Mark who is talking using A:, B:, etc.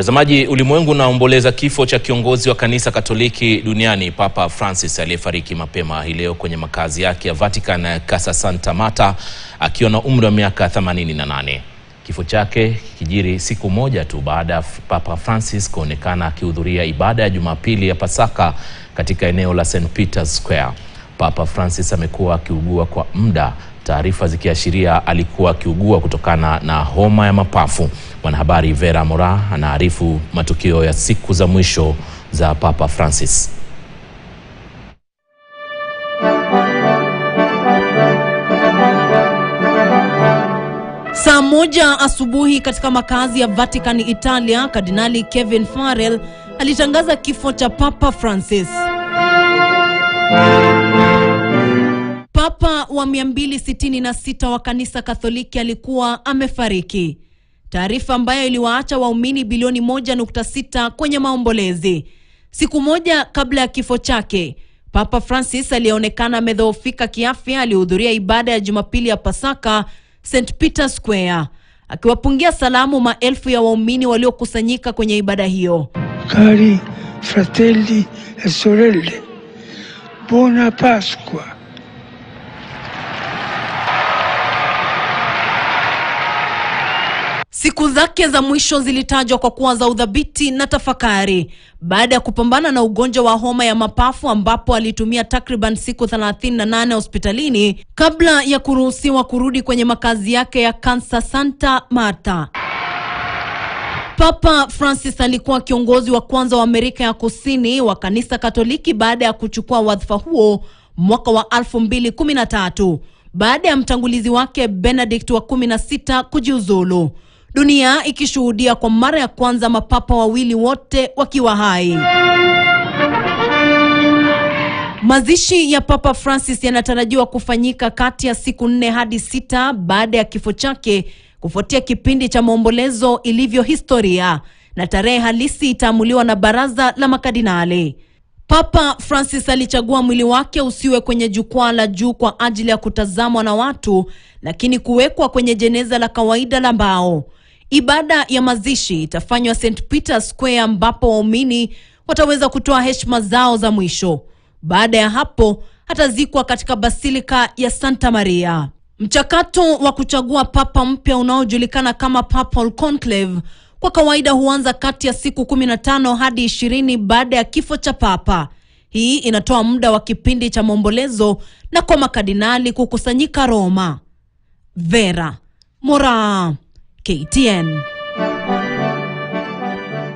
A: Mtazamaji, ulimwengu unaomboleza kifo cha kiongozi wa kanisa Katoliki duniani Papa Francis aliyefariki mapema hii leo kwenye makazi yake ya Vatican Casa Santa Marta akiwa na umri wa miaka 88. Kifo chake kijiri siku moja tu baada ya Papa Francis kuonekana akihudhuria ibada ya Jumapili ya Pasaka katika eneo la St Peter's Square. Papa Francis amekuwa akiugua kwa muda, taarifa zikiashiria alikuwa akiugua kutokana na homa ya mapafu. Mwanahabari Vera Mora anaarifu matukio ya siku za mwisho za Papa Francis.
B: Saa moja asubuhi katika makazi ya Vatican, Italia, Kardinali Kevin Farrell alitangaza kifo cha Papa Francis wa 266 wa kanisa katholiki alikuwa amefariki, taarifa ambayo iliwaacha waumini bilioni 1.6 kwenye maombolezi. Siku moja kabla ya kifo chake, Papa Francis aliyeonekana amedhoofika kiafya alihudhuria ibada ya Jumapili ya Pasaka St Peter Square, akiwapungia salamu maelfu ya waumini waliokusanyika kwenye ibada hiyo.
C: Cari fratelli e sorelle buona pasqua
B: Siku zake za mwisho zilitajwa kwa kuwa za udhabiti na tafakari baada ya kupambana na ugonjwa wa homa ya mapafu ambapo alitumia takriban siku 38 hospitalini kabla ya kuruhusiwa kurudi kwenye makazi yake ya Kansa Santa Marta. Papa Francis alikuwa kiongozi wa kwanza wa Amerika ya Kusini wa Kanisa Katoliki baada ya kuchukua wadhifa huo mwaka wa 2013 baada ya mtangulizi wake Benedict wa 16 kujiuzulu dunia ikishuhudia kwa mara ya kwanza mapapa wawili wote wakiwa hai. Mazishi ya Papa Francis yanatarajiwa kufanyika kati ya siku nne hadi sita baada ya kifo chake kufuatia kipindi cha maombolezo ilivyo historia, na tarehe halisi itaamuliwa na baraza la makadinali Papa Francis alichagua mwili wake usiwe kwenye jukwaa la juu kwa ajili ya kutazamwa na watu, lakini kuwekwa kwenye jeneza la kawaida la mbao. Ibada ya mazishi itafanywa St Peter Square ambapo waumini wataweza kutoa heshima zao za mwisho. Baada ya hapo atazikwa katika basilika ya Santa Maria. Mchakato wa kuchagua papa mpya unaojulikana kama papal conclave kwa kawaida huanza kati ya siku 15 hadi 20 baada ya kifo cha papa. Hii inatoa muda wa kipindi cha maombolezo na kwa makadinali kukusanyika Roma. Vera Moraa KTN.